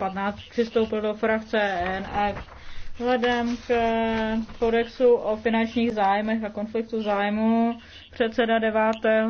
15 přistoupil do frakce NF. Vzhledem k eh, kodexu o finančních zájmech a konfliktu zájmu předseda 9.